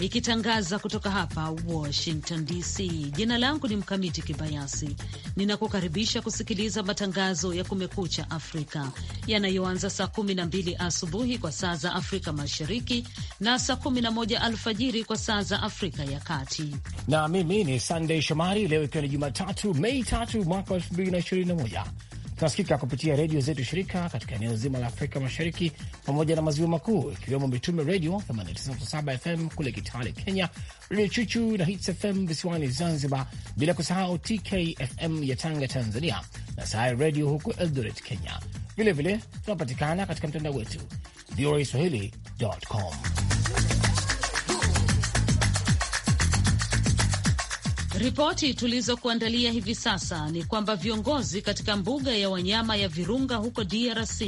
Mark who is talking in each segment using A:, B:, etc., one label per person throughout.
A: ikitangaza kutoka hapa Washington DC. Jina langu ni Mkamiti Kibayasi, ninakukaribisha kusikiliza matangazo ya Kumekucha Afrika yanayoanza saa 12 asubuhi kwa saa za Afrika Mashariki na saa 11 alfajiri kwa saa za Afrika ya Kati.
B: Na mimi ni Sandey Shomari, leo ikiwa ni Jumatatu Mei 3 mwaka 2021 Tunasikika kupitia redio zetu shirika katika eneo zima la Afrika Mashariki pamoja na maziwa makuu, ikiwemo Mitume Redio 897 FM kule Kitale, Kenya, Redio Chuchu na Hits FM visiwani Zanzibar, bila kusahau TKFM ya Tanga, Tanzania, na Sahai Redio huko Eldoret, Kenya. Vilevile tunapatikana katika mtandao wetu voa swahili.com.
A: Ripoti tulizokuandalia hivi sasa ni kwamba viongozi katika mbuga ya wanyama ya Virunga huko DRC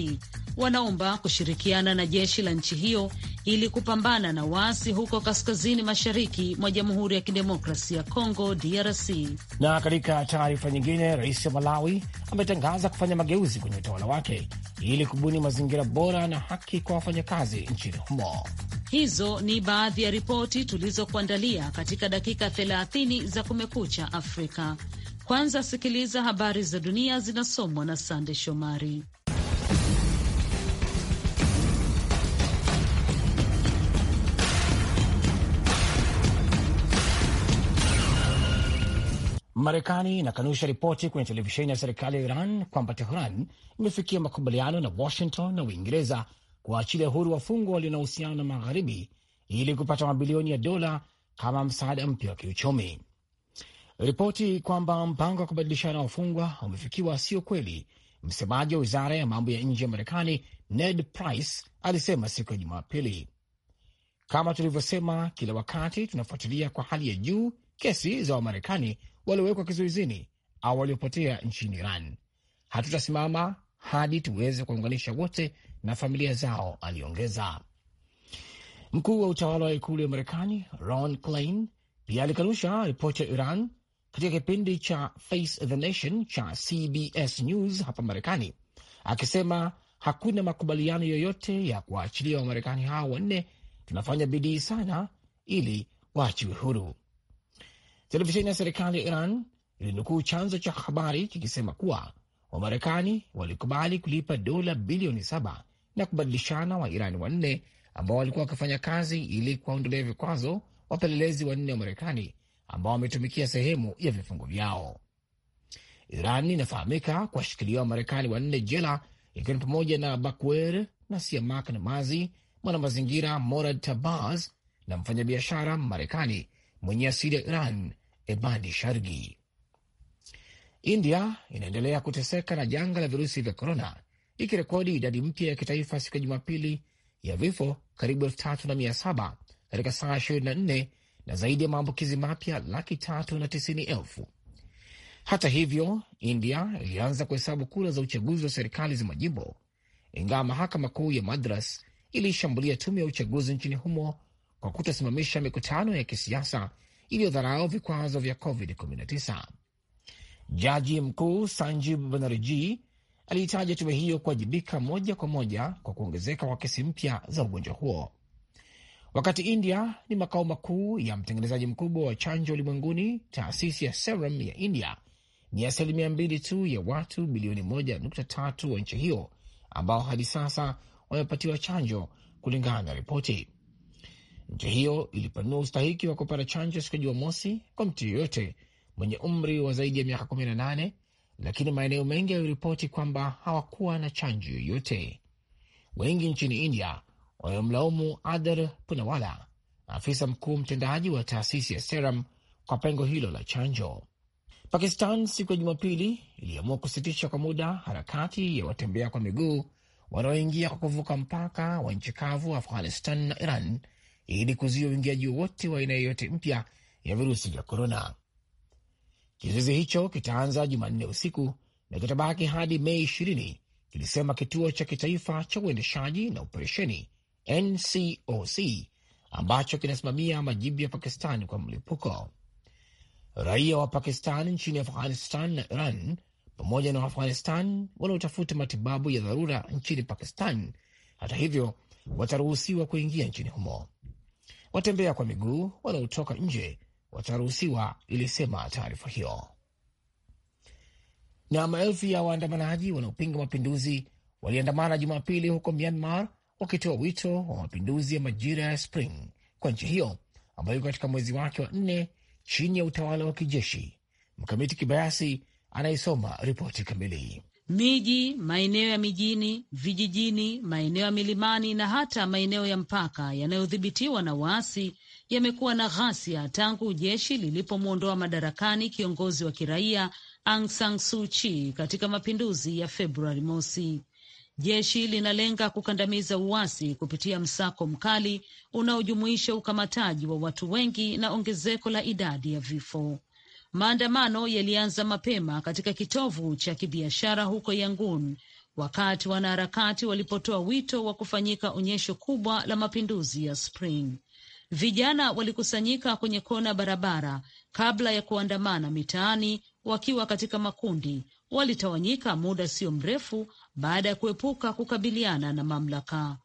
A: wanaomba kushirikiana na jeshi la nchi hiyo ili kupambana na waasi huko kaskazini mashariki mwa Jamhuri ya Kidemokrasia ya Kongo, DRC.
B: Na katika taarifa nyingine, rais wa Malawi ametangaza kufanya mageuzi kwenye utawala wake ili kubuni mazingira bora na haki kwa wafanyakazi nchini humo.
A: Hizo ni baadhi ya ripoti tulizokuandalia katika dakika 30 za Kumekucha Afrika. Kwanza sikiliza habari za dunia zinasomwa na Sande Shomari.
B: Marekani inakanusha ripoti kwenye televisheni ya serikali ya Iran kwamba Tehran imefikia makubaliano na Washington na Uingereza kuwaachilia huru wafungwa walio na uhusiano na magharibi ili kupata mabilioni ya dola kama msaada mpya wa kiuchumi. Ripoti kwamba mpango wa kubadilishana wafungwa umefikiwa sio kweli, msemaji wa wizara ya mambo ya nje ya Marekani Ned Price alisema siku ya Jumapili. Kama tulivyosema kila wakati, tunafuatilia kwa hali ya juu kesi za Wamarekani waliowekwa kizuizini au waliopotea nchini Iran. Hatutasimama hadi tuweze kuwaunganisha wote na familia zao, aliongeza. Mkuu wa utawala wa ikulu ya Marekani Ron Klain pia alikanusha ripoti ya Iran katika kipindi cha Face the Nation cha CBS News hapa Marekani, akisema hakuna makubaliano yoyote ya kuwaachilia Wamarekani hao wanne. Tunafanya bidii sana ili waachiwe huru. Televisheni ya serikali ya Iran ilinukuu chanzo cha habari kikisema kuwa Wamarekani walikubali kulipa dola bilioni saba na kubadilishana Wairani wanne ambao walikuwa wakifanya kazi ili kuwaondolea vikwazo wapelelezi wanne wa Marekani ambao wametumikia sehemu ya vifungo vyao. Iran inafahamika kuwashikilia Wamarekani wanne jela, ikiwa ni pamoja na Bakwer na Siamak Namazi, mwanamazingira Morad Tabaz na mfanyabiashara Marekani mwenye asili ya Iran Ebadi Shargi. India inaendelea kuteseka na janga la virusi vya korona, ikirekodi idadi mpya ya kitaifa siku ya Jumapili ya vifo karibu elfu tatu na mia saba katika saa 24 na zaidi ya maambukizi mapya laki tatu na tisini elfu. Hata hivyo, India ilianza kuhesabu kura za uchaguzi wa serikali za majimbo, ingawa mahakama kuu ya Madras iliishambulia tume ya uchaguzi nchini humo kwa kutosimamisha mikutano ya kisiasa iliyodharau vikwazo vya COVID-19. Jaji mkuu Sanjib Banerjee aliitaja tume hiyo kuwajibika moja kwa moja kwa kuongezeka kwa kesi mpya za ugonjwa huo. Wakati India ni makao makuu ya mtengenezaji mkubwa wa chanjo ulimwenguni, taasisi ya Serum ya India ni asilimia mbili tu ya watu bilioni moja nukta tatu wa nchi hiyo ambao hadi sasa wamepatiwa chanjo kulingana na ripoti. Nchi hiyo ilipanua ustahiki wa kupata chanjo siku ya Jumamosi kwa mtu yeyote mwenye umri wa zaidi ya miaka 18, lakini maeneo mengi yaliripoti kwamba hawakuwa na chanjo yoyote. Wengi nchini India wamemlaumu Adar Punawala, afisa mkuu mtendaji wa taasisi ya Seram, kwa pengo hilo la chanjo. Pakistan siku ya Jumapili iliamua kusitisha kwa muda harakati ya watembea kwa miguu wanaoingia kwa kuvuka mpaka wa nchi kavu Afghanistan na Iran ili kuzuia uingiaji wowote wa aina yoyote mpya ya virusi vya korona. Kizuizi hicho kitaanza Jumanne usiku na kitabaki hadi Mei 20, kilisema kituo cha kitaifa cha uendeshaji na operesheni NCOC ambacho kinasimamia majibu ya Pakistan kwa mlipuko. Raia wa Pakistan nchini Afghanistan na Iran pamoja na Waafghanistan wanaotafuta matibabu ya dharura nchini Pakistan, hata hivyo, wataruhusiwa kuingia nchini humo watembea kwa miguu wanaotoka nje wataruhusiwa, ilisema taarifa hiyo. Na maelfu ya waandamanaji wanaopinga mapinduzi waliandamana Jumapili huko Myanmar wakitoa wito wa mapinduzi ya majira ya spring kwa nchi hiyo ambayo katika mwezi wake wa nne chini ya utawala wa kijeshi. Mkamiti Kibayasi anayesoma ripoti kamili
A: miji, maeneo ya mijini, vijijini, maeneo ya milimani na hata maeneo ya mpaka yanayodhibitiwa na waasi yamekuwa na ghasia tangu jeshi lilipomwondoa madarakani kiongozi wa kiraia Aung San Suu Kyi katika mapinduzi ya Februari mosi. Jeshi linalenga kukandamiza uasi kupitia msako mkali unaojumuisha ukamataji wa watu wengi na ongezeko la idadi ya vifo. Maandamano yalianza mapema katika kitovu cha kibiashara huko Yangon wakati wanaharakati walipotoa wito wa kufanyika onyesho kubwa la mapinduzi ya Spring. Vijana walikusanyika kwenye kona barabara kabla ya kuandamana mitaani wakiwa katika makundi. Walitawanyika muda sio mrefu baada ya kuepuka kukabiliana na mamlaka.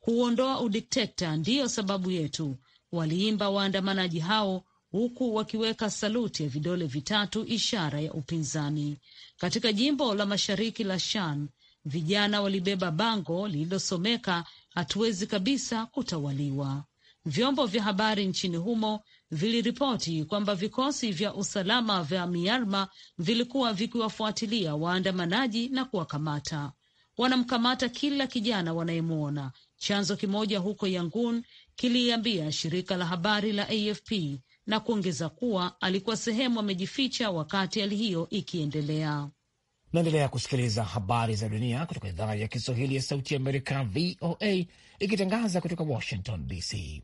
A: Kuondoa udikteta ndiyo sababu yetu, waliimba waandamanaji hao huku wakiweka saluti ya vidole vitatu, ishara ya upinzani. Katika jimbo la mashariki la Shan, vijana walibeba bango lililosomeka hatuwezi kabisa kutawaliwa. Vyombo vya habari nchini humo viliripoti kwamba vikosi vya usalama vya Myanmar vilikuwa vikiwafuatilia waandamanaji na kuwakamata. Wanamkamata kila kijana wanayemwona. Chanzo kimoja huko Yangon kiliambia shirika la habari la AFP na kuongeza kuwa alikuwa sehemu amejificha wakati hali hiyo ikiendelea.
B: Naendelea kusikiliza habari za dunia kutoka idhaa ya Kiswahili ya Sauti ya Amerika, VOA, ikitangaza kutoka Washington DC.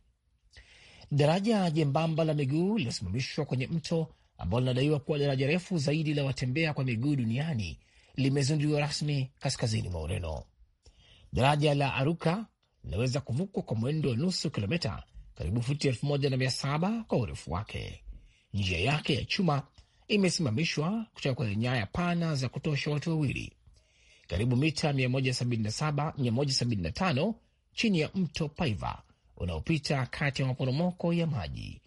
B: Daraja jembamba la miguu lilosimamishwa kwenye mto ambalo linadaiwa kuwa daraja refu zaidi la watembea kwa miguu duniani limezinduliwa rasmi kaskazini mwa Ureno. Daraja la Aruka linaweza kuvukwa kwa mwendo wa nusu kilomita karibu futi elfu moja na mia saba kwa urefu wake. Njia yake ya chuma imesimamishwa kutoka kwenye nyaya pana za kutosha watu wawili, karibu mita 177, 175 chini ya mto Paiva unaopita kati ya maporomoko ya maji,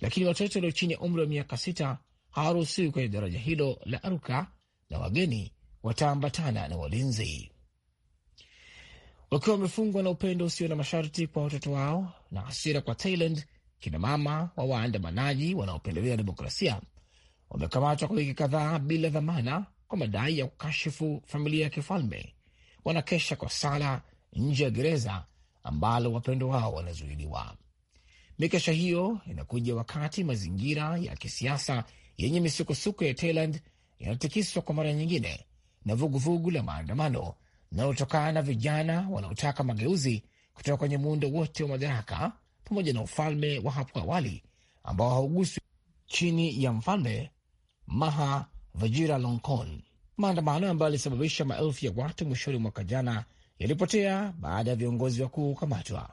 B: lakini watoto walio chini ya umri wa miaka sita hawaruhusiwi kwenye daraja hilo la Aruka na wageni wataambatana na walinzi wakiwa wamefungwa na upendo usio na masharti kwa watoto wao na hasira kwa Thailand. Kinamama wa waandamanaji wanaopendelea demokrasia wamekamatwa kwa wiki kadhaa bila dhamana kwa madai ya kukashifu familia ya kifalme. Wanakesha kwa sala nje ya gereza ambalo wapendo wao wanazuiliwa. Mikesha hiyo inakuja wakati mazingira ya kisiasa yenye misukosuko ya Thailand yanatikiswa kwa mara nyingine na vuguvugu vugu la maandamano linalotokana na vijana wanaotaka mageuzi kutoka kwenye muundo wote wa madaraka pamoja na ufalme wa hapo awali ambao hauguswi chini ya mfalme Maha Vajiralongkorn. Maandamano ambayo yalisababisha maelfu ya watu mwishoni mwaka jana yalipotea baada ya viongozi wakuu kukamatwa.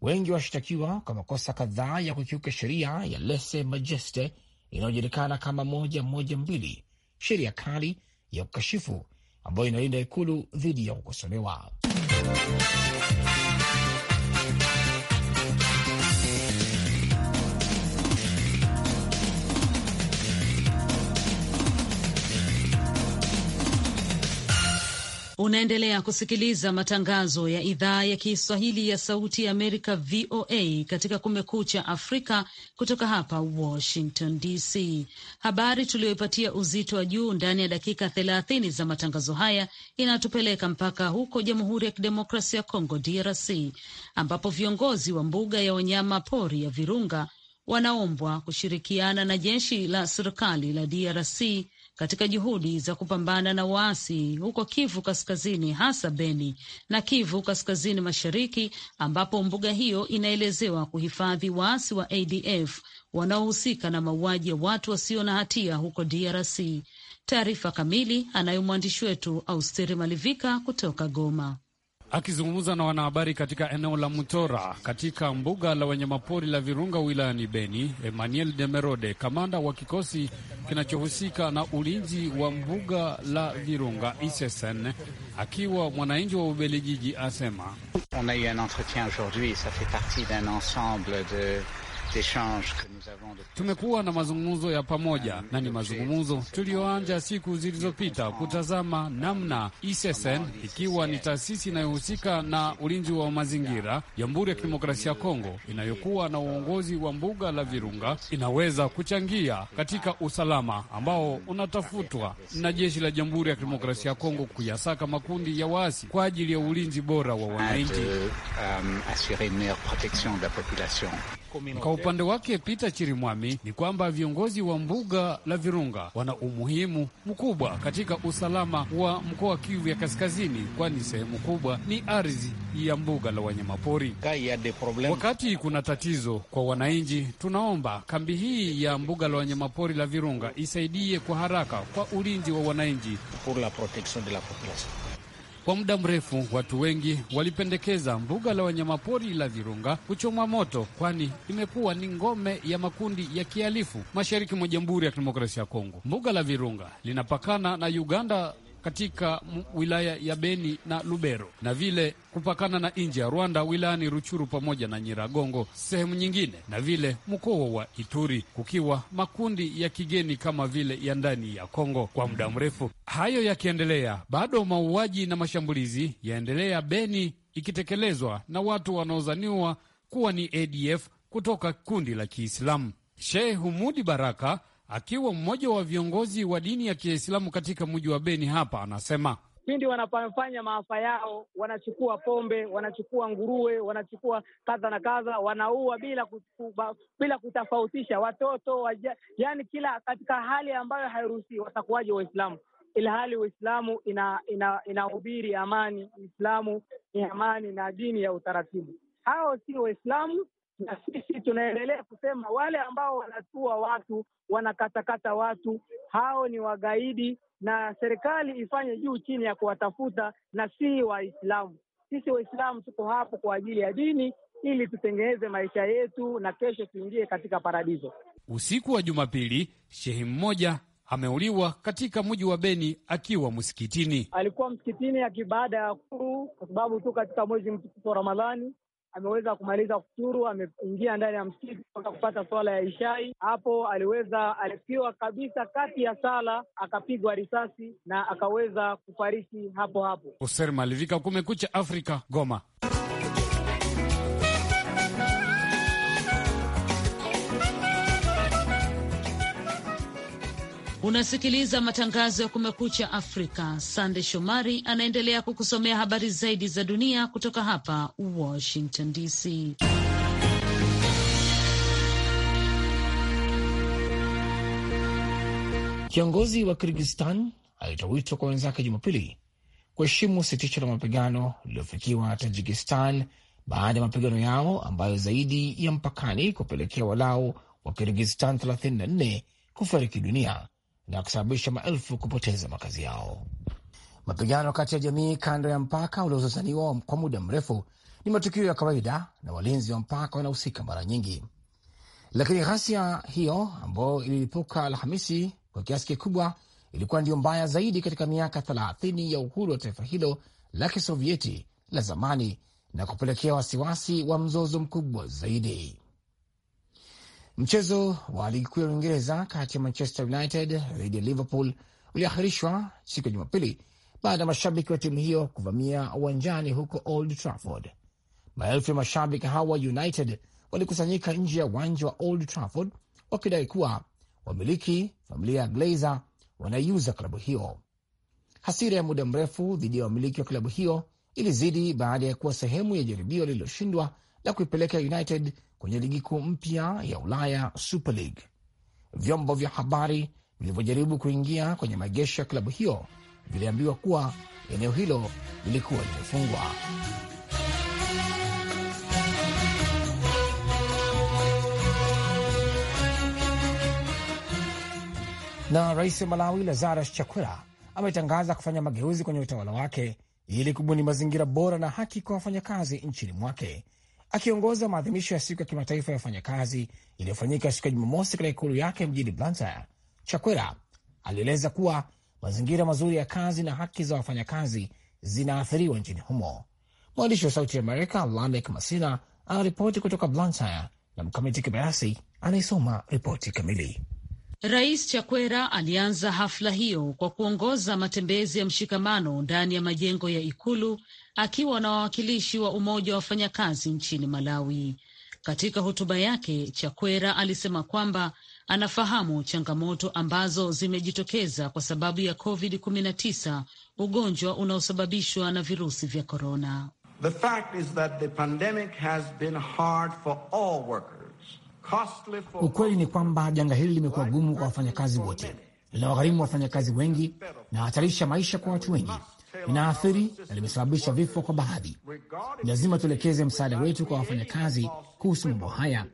B: Wengi washtakiwa kwa makosa kadhaa ya kukiuka sheria ya lese majeste inayojulikana kama moja moja mbili, sheria kali ya kukashifu ambayo inalinda ikulu dhidi ya kukosolewa.
A: Unaendelea kusikiliza matangazo ya idhaa ya Kiswahili ya Sauti ya Amerika, VOA, katika Kumekucha Afrika kutoka hapa Washington DC. Habari tuliyoipatia uzito wa juu ndani ya dakika thelathini za matangazo haya inatupeleka mpaka huko Jamhuri ya Kidemokrasia ya Kongo, DRC, ambapo viongozi wa mbuga ya wanyama pori ya Virunga wanaombwa kushirikiana na jeshi la serikali la DRC katika juhudi za kupambana na waasi huko Kivu Kaskazini, hasa Beni na Kivu Kaskazini Mashariki, ambapo mbuga hiyo inaelezewa kuhifadhi waasi wa ADF wanaohusika na mauaji ya watu wasio na hatia huko DRC. Taarifa kamili anayo mwandishi wetu Austeri Malivika kutoka Goma.
C: Akizungumza na wanahabari katika eneo la Mutora katika mbuga la wanyamapori la Virunga wilayani Beni, Emmanuel Demerode, kamanda wa kikosi kinachohusika na ulinzi wa mbuga la Virunga ISSN, akiwa mwananchi wa Ubelgiji asema On a eu un entretien aujourd'hui, ça fait partie d'un ensemble de Tumekuwa na mazungumzo ya pamoja euh, na ni mazungumzo tuliyoanja siku zilizopita kutazama namna ISSN e ikiwa ni taasisi inayohusika na ulinzi wa mazingira Jamhuri ya Kidemokrasia ya Kongo inayokuwa na uongozi wa mbuga la Virunga inaweza kuchangia katika usalama ambao unatafutwa na jeshi la Jamhuri ya Kidemokrasia ya Kongo kuyasaka makundi ya waasi kwa ajili ya ulinzi bora wa wananchi. Euh, kwa upande wake Peter Chirimwami ni kwamba viongozi wa mbuga la Virunga wana umuhimu mkubwa katika usalama wa mkoa wa Kivu ya Kaskazini, kwani sehemu kubwa ni ardhi ya mbuga la wanyamapori. Wakati kuna tatizo kwa wananchi, tunaomba kambi hii ya mbuga la wanyamapori la Virunga isaidie kwa haraka kwa ulinzi wa wananchi. Kwa muda mrefu watu wengi walipendekeza mbuga la wanyamapori la Virunga kuchomwa moto, kwani imekuwa ni ngome ya makundi ya kihalifu mashariki mwa Jamhuri ya Kidemokrasia ya Kongo. Mbuga la Virunga linapakana na Uganda katika wilaya ya Beni na Lubero na vile kupakana na nje ya Rwanda wilayani Ruchuru pamoja na Nyiragongo sehemu nyingine, na vile mkoa wa Ituri kukiwa makundi ya kigeni kama vile ya ndani ya Kongo kwa muda mrefu. Hayo yakiendelea, bado mauaji na mashambulizi yaendelea Beni, ikitekelezwa na watu wanaodhaniwa kuwa ni ADF kutoka kundi la Kiislamu. Sheikh Humudi Baraka akiwa mmoja wa viongozi wa dini ya Kiislamu katika mji wa Beni hapa, anasema
D: pindi wanapofanya maafa yao, wanachukua pombe, wanachukua nguruwe, wanachukua kadha na kadha, wanaua bila kutuba, bila kutofautisha watoto waja, yani kila katika hali ambayo hairuhusiwi. Watakuwaje Waislamu ilhali Uislamu inahubiri ina, ina amani. Uislamu ni amani na dini ya utaratibu. Hao si Waislamu na sisi tunaendelea kusema wale ambao wanatua watu, wanakatakata watu, hao ni wagaidi, na serikali ifanye juu chini ya kuwatafuta na si Waislamu. Sisi Waislamu tuko hapo kwa ajili ya dini ili tutengeneze maisha yetu na kesho tuingie katika paradiso.
C: Usiku wa Jumapili, shehe mmoja ameuliwa katika mji wa Beni akiwa msikitini.
D: Alikuwa msikitini akibaada ya kuu, kwa sababu tu katika mwezi mtukufu wa Ramadhani ameweza kumaliza kufuturu, ameingia ndani ya msikiti mpaka kupata swala ya ishai. Hapo aliweza alifiwa kabisa kati ya sala, akapigwa risasi na akaweza kufariki hapo hapo.
C: Hoser Malivika, Kumekucha Afrika, Goma.
A: Unasikiliza matangazo ya Kumekucha Afrika. Sande Shomari anaendelea kukusomea habari zaidi za dunia kutoka hapa Washington DC.
B: Kiongozi wa kirgizstan alitoa wito kwa wenzake Jumapili kuheshimu sitisho la mapigano lililofikiwa Tajikistan baada ya mapigano yao ambayo zaidi ya mpakani kupelekea walau wa kirgizstan 34 kufariki dunia na kusababisha maelfu kupoteza makazi yao. Mapigano kati ya jamii kando ya mpaka uliozozaniwa kwa muda mrefu ni matukio ya kawaida na walinzi wa mpaka wanahusika mara nyingi, lakini ghasia hiyo ambayo ililipuka Alhamisi kwa kiasi kikubwa ilikuwa ndiyo mbaya zaidi katika miaka thelathini ya uhuru wa taifa hilo la Kisovieti la zamani na kupelekea wasiwasi wa mzozo mkubwa zaidi. Mchezo wa ligi kuu ya Uingereza kati ya Manchester United dhidi ya Liverpool uliahirishwa siku ya Jumapili baada ya mashabiki wa timu hiyo kuvamia uwanjani huko Old Trafford. Maelfu ya mashabiki hawa United walikusanyika nje ya uwanja wa Old Trafford wakidai kuwa wamiliki familia ya Glazer wanaiuza klabu hiyo. Hasira ya muda mrefu dhidi ya wamiliki wa klabu hiyo ilizidi baada ya kuwa sehemu ya jaribio lililoshindwa la kuipeleka United kwenye ligi kuu mpya ya Ulaya, Super League. Vyombo vya habari vilivyojaribu kuingia kwenye maegesho ya klabu hiyo viliambiwa kuwa eneo hilo lilikuwa limefungwa. Na rais wa Malawi Lazarus Chakwera ametangaza kufanya mageuzi kwenye utawala wake ili kubuni mazingira bora na haki kwa wafanyakazi nchini mwake Akiongoza maadhimisho ya siku ya kimataifa ya wafanyakazi iliyofanyika siku ya Jumamosi katika ikulu yake mjini Blantyre, Chakwera alieleza kuwa mazingira mazuri ya kazi na haki za wafanyakazi zinaathiriwa nchini humo. Mwandishi wa Sauti ya Amerika Lamek Masina anaripoti kutoka Blantyre na Mkamiti Kibayasi anayesoma ripoti kamili.
A: Rais Chakwera alianza hafla hiyo kwa kuongoza matembezi ya mshikamano ndani ya majengo ya Ikulu akiwa na wawakilishi wa umoja wa wafanyakazi nchini Malawi. Katika hotuba yake, Chakwera alisema kwamba anafahamu changamoto ambazo zimejitokeza kwa sababu ya COVID-19, ugonjwa unaosababishwa na virusi vya korona.
C: The fact is that the pandemic has been hard for
D: all workers.
B: Ukweli ni kwamba janga hili limekuwa gumu kwa wafanyakazi wote, linawagharimu wafanyakazi wengi na hatarisha maisha kwa watu wengi, linaathiri na limesababisha vifo kwa baadhi. Ni lazima tuelekeze msaada wetu kwa wafanyakazi kuhusu mambo haya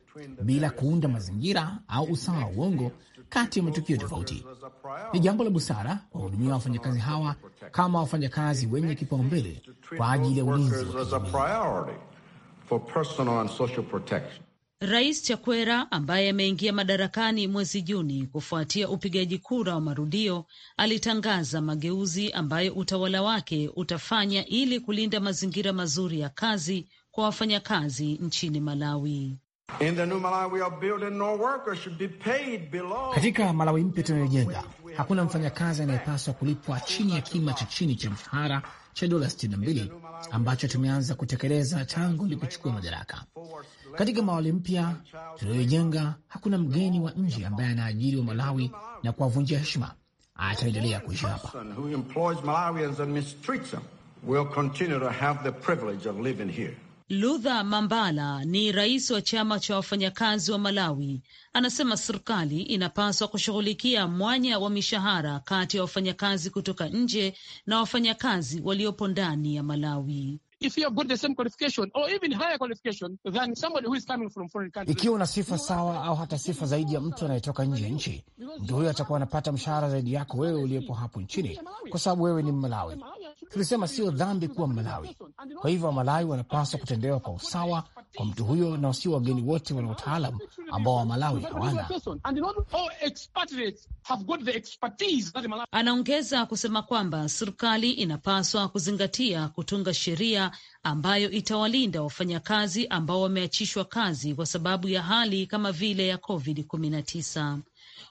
B: bila kuunda mazingira au usawa wa uongo kati ya matukio tofauti. Ni jambo la busara kuwahudumia wafanyakazi hawa kama wafanyakazi wenye
D: kipaumbele kwa ajili ya ulinzi wa kijamii.
A: Rais Chakwera ambaye ameingia madarakani mwezi Juni kufuatia upigaji kura wa marudio alitangaza mageuzi ambayo utawala wake utafanya ili kulinda mazingira mazuri ya kazi kwa wafanyakazi nchini Malawi. Katika Malawi mpya
B: tunayojenga, hakuna mfanyakazi anayepaswa kulipwa chini ya kima cha chini cha mshahara cha dola 62 ambacho tumeanza kutekeleza tangu ilipochukua madaraka. Katika Malawi mpya tunayojenga, hakuna mgeni wa nje ambaye anaajiri wa Malawi na
A: kuwavunjia heshima
B: ataendelea kuishi hapa.
C: Will continue to have the privilege of living here.
A: Ludha Mambala ni rais wa chama cha wafanyakazi wa Malawi. Anasema serikali inapaswa kushughulikia mwanya wa mishahara kati ya wafanyakazi kutoka nje na wafanyakazi waliopo ndani ya Malawi.
B: Ikiwa una sifa sawa au hata sifa zaidi ya mtu anayetoka nje ya nchi, mtu huyo atakuwa anapata mshahara zaidi yako wewe uliyepo hapo nchini, kwa sababu wewe ni Mmalawi tulisema sio dhambi kuwa malawi Kwa hivyo Wamalawi wanapaswa kutendewa kwa usawa kwa mtu huyo, na wasio wageni wote wana utaalam ambao Wamalawi hawana.
A: Anaongeza kusema kwamba serikali inapaswa kuzingatia kutunga sheria ambayo itawalinda wafanyakazi ambao wameachishwa kazi kwa sababu ya hali kama vile ya COVID-19.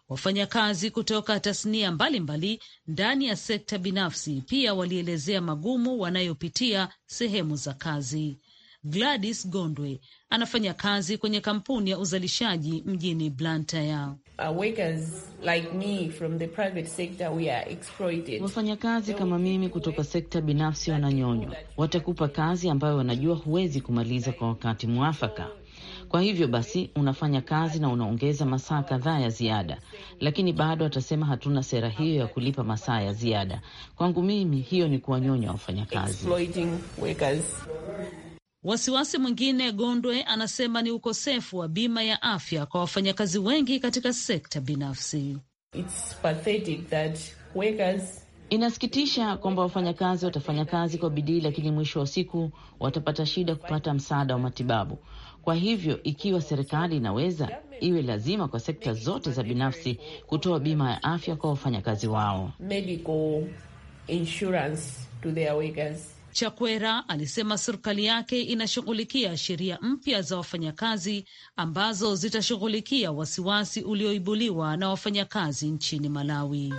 A: Wafanyakazi kutoka tasnia mbalimbali ndani ya sekta binafsi pia walielezea magumu wanayopitia sehemu za kazi. Gladys Gondwe anafanya kazi kwenye kampuni ya uzalishaji mjini Blantyre. Uh,
E: wafanyakazi
A: kama mimi kutoka sekta binafsi wananyonywa. Watakupa kazi ambayo wanajua huwezi kumaliza kwa wakati mwafaka. Kwa hivyo basi unafanya kazi na unaongeza masaa kadhaa ya ziada, lakini bado atasema hatuna sera hiyo ya kulipa masaa ya ziada. Kwangu mimi hiyo ni kuwanyonya wafanyakazi. Wasiwasi mwingine Gondwe anasema ni ukosefu wa bima ya afya kwa wafanyakazi wengi katika sekta binafsi. It's Inasikitisha kwamba wafanyakazi watafanya kazi kwa bidii, lakini mwisho wa siku watapata shida kupata msaada wa matibabu. Kwa hivyo ikiwa serikali inaweza, iwe lazima kwa sekta zote za binafsi kutoa bima ya afya kwa wafanyakazi wao. Chakwera alisema serikali yake inashughulikia sheria mpya za wafanyakazi ambazo zitashughulikia wasiwasi ulioibuliwa na wafanyakazi nchini Malawi.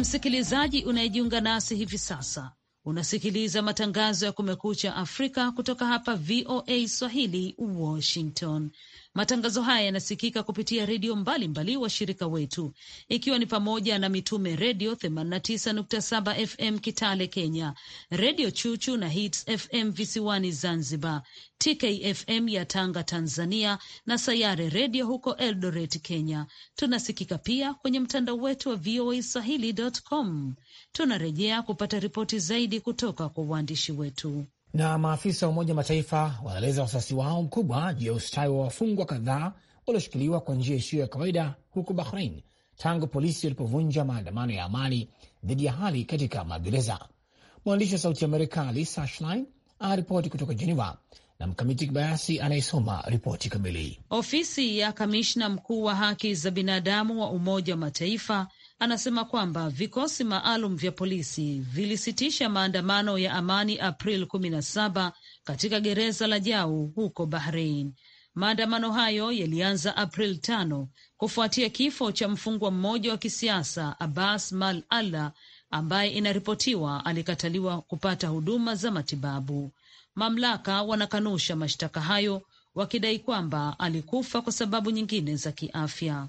A: msikilizaji unayejiunga nasi hivi sasa, unasikiliza matangazo ya Kumekucha Afrika kutoka hapa VOA Swahili, Washington. Matangazo haya yanasikika kupitia redio mbalimbali washirika wetu, ikiwa ni pamoja na Mitume Redio 89.7 FM Kitale Kenya, Redio Chuchu na Hits FM visiwani Zanzibar, TKFM ya Tanga Tanzania, na Sayare Redio huko Eldoret Kenya. Tunasikika pia kwenye mtandao wetu wa VOA Swahili.com. Tunarejea kupata ripoti zaidi kutoka kwa waandishi wetu.
B: Na maafisa wa Umoja Mataifa wanaeleza wasiwasi wao mkubwa juu ya ustawi wa wafungwa kadhaa walioshikiliwa kwa njia isiyo ya kawaida huko Bahrain tangu polisi walipovunja maandamano ya amani dhidi ya hali katika magereza. Mwandishi wa Sauti Amerika Lisa Schlein anaripoti kutoka Geneva na Mkamiti Kibayasi anayesoma ripoti kamili.
A: Ofisi ya kamishna mkuu wa haki za binadamu wa Umoja wa Mataifa anasema kwamba vikosi maalum vya polisi vilisitisha maandamano ya amani April 17 katika gereza la Jau huko bahrein Maandamano hayo yalianza April 5 kufuatia kifo cha mfungwa mmoja wa kisiasa Abbas Mal Allah ambaye inaripotiwa alikataliwa kupata huduma za matibabu. Mamlaka wanakanusha mashtaka hayo wakidai kwamba alikufa kwa sababu nyingine za kiafya.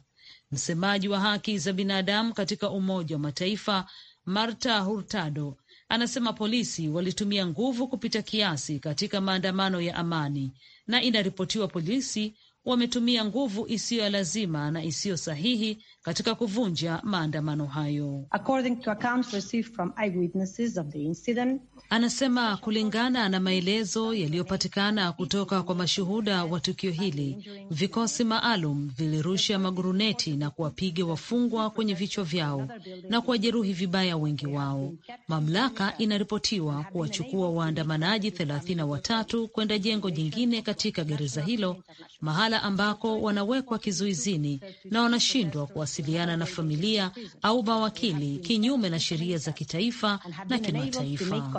A: Msemaji wa haki za binadamu katika Umoja wa Mataifa Marta Hurtado anasema polisi walitumia nguvu kupita kiasi katika maandamano ya amani, na inaripotiwa polisi wametumia nguvu isiyo ya lazima na isiyo sahihi katika kuvunja maandamano hayo. Anasema kulingana na maelezo yaliyopatikana kutoka kwa mashuhuda wa tukio hili, vikosi maalum vilirusha maguruneti na kuwapiga wafungwa kwenye vichwa vyao na kuwajeruhi vibaya wengi wao. Mamlaka inaripotiwa kuwachukua waandamanaji thelathini na watatu kwenda jengo jingine katika gereza hilo, mahala ambako wanawekwa kizuizini na wanashindwa kuwa kuwasiliana na familia au mawakili kinyume na sheria za kitaifa na kimataifa.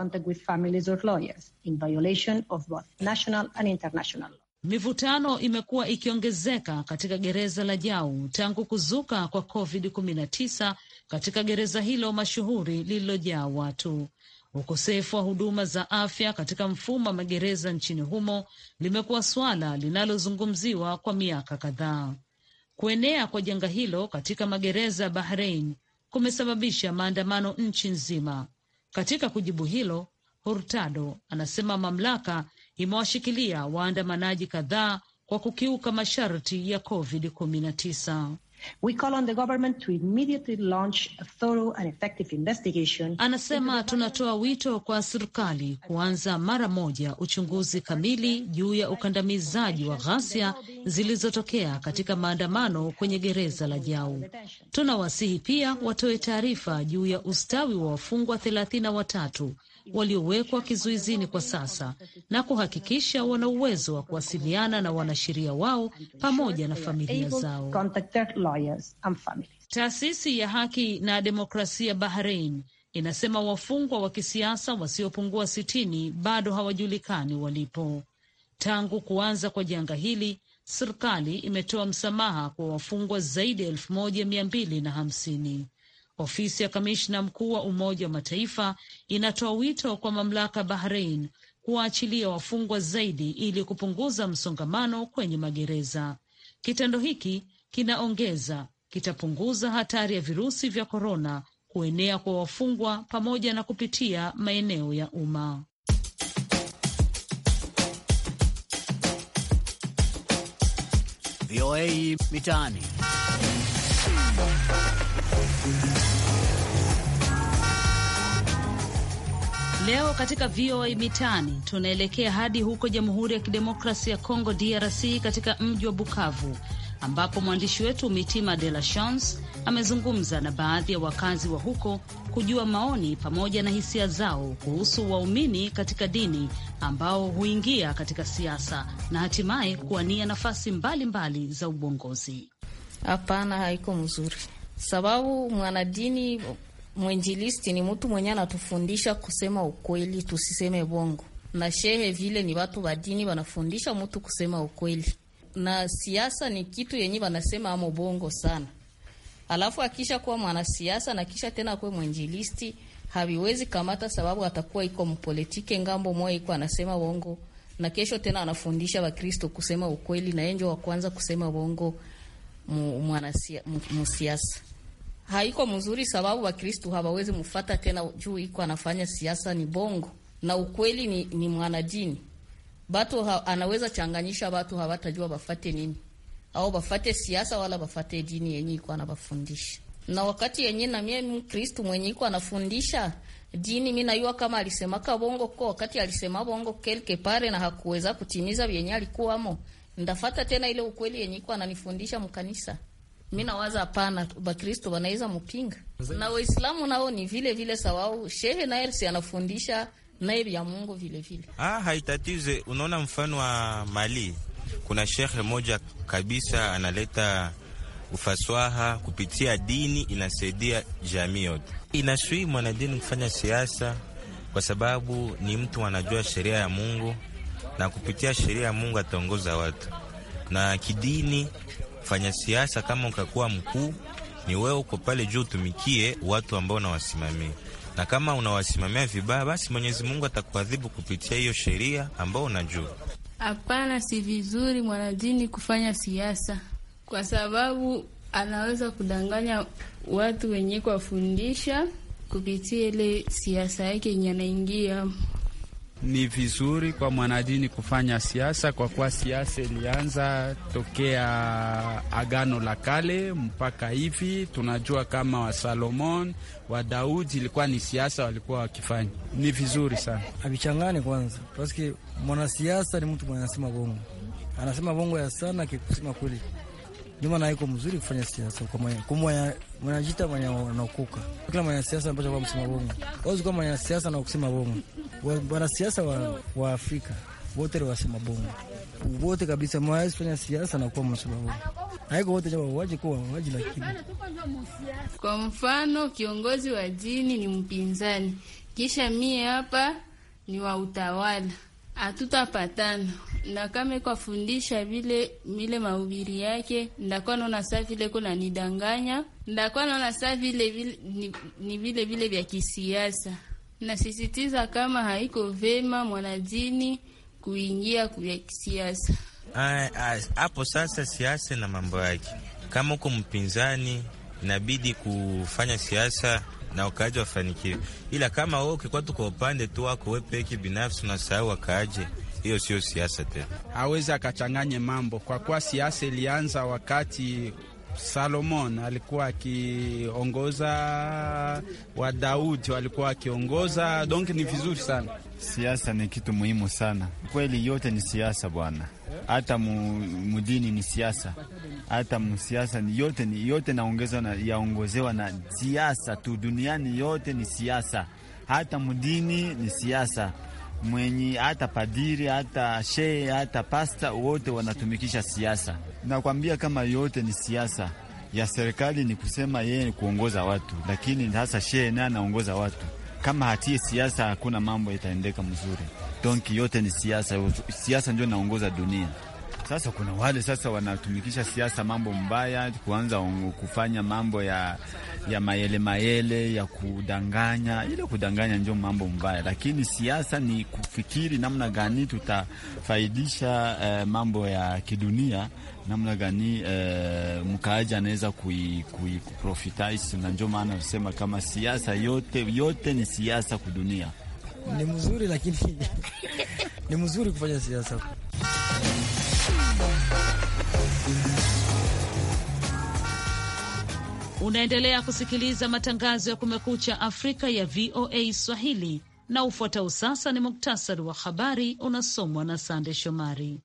A: Mivutano imekuwa ikiongezeka katika gereza la Jau tangu kuzuka kwa COVID-19 katika gereza hilo mashuhuri lililojaa watu. Ukosefu wa huduma za afya katika mfumo wa magereza nchini humo limekuwa swala linalozungumziwa kwa miaka kadhaa. Kuenea kwa janga hilo katika magereza ya bahrein kumesababisha maandamano nchi nzima. Katika kujibu hilo, Hurtado anasema mamlaka imewashikilia waandamanaji kadhaa kwa kukiuka masharti ya COVID-19. Anasema tunatoa wito kwa serikali kuanza mara moja uchunguzi kamili juu ya ukandamizaji wa ghasia zilizotokea katika maandamano kwenye gereza la Jau. Tunawasihi pia watoe taarifa juu ya ustawi wa wafungwa thelathini na watatu waliowekwa kizuizini kwa sasa na kuhakikisha wana uwezo wa kuwasiliana na wanasheria wao pamoja na familia zao. Taasisi ya Haki na Demokrasia Bahrain inasema wafungwa wa kisiasa wasiopungua sitini bado hawajulikani walipo. Tangu kuanza kwa janga hili, serikali imetoa msamaha kwa wafungwa zaidi ya elfu moja mia mbili na hamsini. Ofisi ya kamishna mkuu wa Umoja wa Mataifa inatoa wito kwa mamlaka bahrein kuwaachilia wafungwa zaidi ili kupunguza msongamano kwenye magereza. Kitendo hiki kinaongeza kitapunguza hatari ya virusi vya korona kuenea kwa wafungwa pamoja na kupitia maeneo ya umma.
D: VOA Mitaani.
A: Leo katika VOA Mitaani tunaelekea hadi huko Jamhuri ya Kidemokrasia ya Kongo, DRC, katika mji wa Bukavu ambapo mwandishi wetu Mitima De La Chance amezungumza na baadhi ya wakazi wa huko kujua maoni pamoja na hisia zao kuhusu waumini katika dini ambao huingia katika
E: siasa na hatimaye kuwania nafasi mbalimbali mbali za ubongozi. Hapana, haiko mzuri sababu mwanadini mwinjilisti ni mtu mwenye anatufundisha kusema ukweli, tusiseme bongo. Na shehe vile ni watu wa dini wanafundisha mtu kusema ukweli, na siasa ni kitu yenye wanasema amo bongo sana. Alafu akisha kuwa mwanasiasa na kisha tena kuwa mwinjilisti haviwezi kamata, sababu atakuwa iko mpolitike ngambo moja, iko anasema bongo na kesho tena anafundisha Wakristo kusema ukweli, na yeye ndio wa kwanza kusema bongo mwanasiasa haiko mzuri, sababu Wakristu hawawezi mfata tena juu iko anafanya siasa ni bongo na ukweli ni, ni mwanadini batu ha, anaweza changanyisha batu hawatajua bafate nini au bafate siasa wala bafate dini yenye iko anabafundisha. Na wakati yenye namie Mkristu mwenye iko anafundisha dini, mi najua kama alisemaka bongo ko wakati alisema bongo kelke pare na hakuweza kutimiza vyenye alikuwamo ndafata tena ile ukweli yenye iko ananifundisha mkanisa. Mi nawaza hapana, Bakristo wanaweza mpinga na Waislamu nao ni vile vile sawau. Shehe naye si anafundisha naye ya Mungu vile vile.
F: Ah, haitatize. Unaona mfano wa Mali, kuna shekhe moja kabisa analeta ufaswaha kupitia dini, inasaidia jamii yote. Inasui mwanadini kufanya siasa, kwa sababu ni mtu anajua sheria ya Mungu na kupitia sheria ya Mungu ataongoza watu. Na kidini, fanya siasa, kama ukakuwa mkuu ni wewe, uko pale juu, utumikie watu ambao unawasimamia, na kama unawasimamia vibaya, basi Mwenyezi Mungu atakuadhibu kupitia hiyo sheria ambao unajua.
E: Hapana, si vizuri mwanadini kufanya siasa, kwa sababu anaweza kudanganya watu wenye kuwafundisha kupitia ile siasa yake yenye anaingia
C: ni vizuri kwa mwanadini kufanya siasa kwa kuwa siasa ilianza tokea Agano la Kale mpaka hivi. Tunajua kama wa Salomon wa Daudi ilikuwa ni siasa walikuwa wakifanya, ni vizuri sana.
D: havichangani kwanza, paski mwanasiasa ni mtu mwenye anasema bongo, anasema bongo ya sana kikusema kweli nyuma na iko mzuri kufanya siasa kwa mwanajita mwenye anaokuka kila mwanasiasa anapaswa kuwa msema bongo, wazikuwa mwanasiasa na kusema bongo wanasiasa wa, wa Afrika wote ni wasema bongo wote kabisa, mawezi fanya siasa na kuwa msumamo haiko wote waje kuwa waje, lakini
E: kwa mfano kiongozi wa dini ni mpinzani, kisha mie hapa ni wa utawala, hatutapatana na kama vile mile mahubiri yake, ndakuwa naona saa vile kuna nidanganya, ndakuwa naona saa vile ni vile vile vya kisiasa Nasisitiza kama haiko vema mwanadini kuingia kwa siasa
F: hapo. Sasa siasa na mambo yake, kama uko mpinzani inabidi kufanya siasa na wakaaji wafanikiwe, ila kama wewe ukikuwa tu kwa upande tu wako wewe peke binafsi, unasahau wakaaje hiyo sio siasa tena. Aweza akachanganye mambo kwa kuwa siasa ilianza wakati Salomon alikuwa akiongoza, wa Daudi walikuwa akiongoza, donc ni vizuri sana.
G: Siasa ni kitu muhimu sana kweli, yote ni siasa bwana, hata mudini ni siasa, hata msiasa ni yote, ni yote naongezwa yaongozewa na siasa tu, duniani yote ni siasa, hata mudini ni siasa mwenye hata padiri hata shehe hata pasta wote wanatumikisha siasa. Nakwambia kama yote ni siasa ya serikali, ni kusema yeye ni kuongoza watu, lakini hasa shehe naye anaongoza watu. Kama hatie siasa, hakuna mambo itaendeka mzuri. Donki yote ni siasa, siasa ndio naongoza dunia. Sasa kuna wale sasa wanatumikisha siasa mambo mbaya, kuanza kufanya mambo ya, ya mayele mayele ya kudanganya. Ile kudanganya ndio mambo mbaya, lakini siasa ni kufikiri namna gani tutafaidisha eh, mambo ya kidunia namna gani eh, mkaaji anaweza kuprofitize kui, na ndio maana nasema kama siasa yote yote ni siasa kudunia.
D: Ni mzuri lakini
G: ni mzuri kufanya siasa
A: Unaendelea kusikiliza matangazo ya Kumekucha Afrika ya VOA Swahili, na ufuatao sasa ni muktasari wa habari unasomwa na Sande Shomari.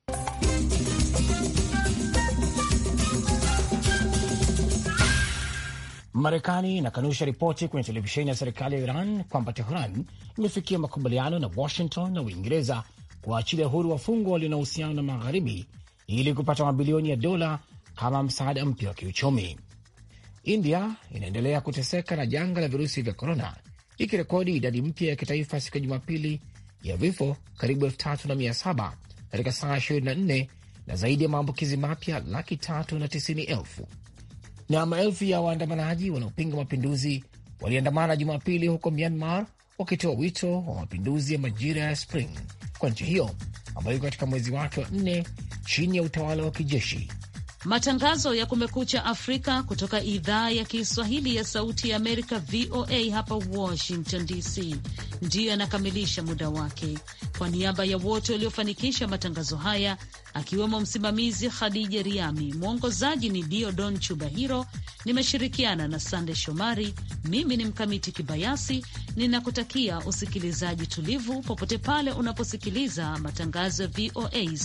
B: Marekani inakanusha ripoti kwenye televisheni ya serikali ya Iran kwamba Tehran imefikia makubaliano na Washington na Uingereza kuachilia huru wafungwa walio na uhusiano na magharibi ili kupata mabilioni ya dola kama msaada mpya wa kiuchumi. India inaendelea kuteseka na janga la virusi vya korona, ikirekodi idadi mpya ya kitaifa siku ya Jumapili ya vifo karibu elfu tatu na mia saba katika saa 24 na zaidi ya maambukizi mapya laki tatu na tisini elfu. Na maelfu ya waandamanaji wanaopinga mapinduzi waliandamana Jumapili huko Myanmar wakitoa wito wa mapinduzi ya majira ya spring kwa nchi hiyo ambayo iko katika mwezi wake wa nne chini ya utawala wa kijeshi
A: Matangazo ya Kumekucha Afrika kutoka idhaa ya Kiswahili ya Sauti ya Amerika, VOA hapa Washington DC, ndiyo yanakamilisha muda wake. Kwa niaba ya wote waliofanikisha matangazo haya, akiwemo msimamizi Khadija Riami, mwongozaji ni Diodon Chubahiro, nimeshirikiana na Sande Shomari. Mimi ni Mkamiti Kibayasi, ninakutakia usikilizaji tulivu popote pale unaposikiliza matangazo ya VOA.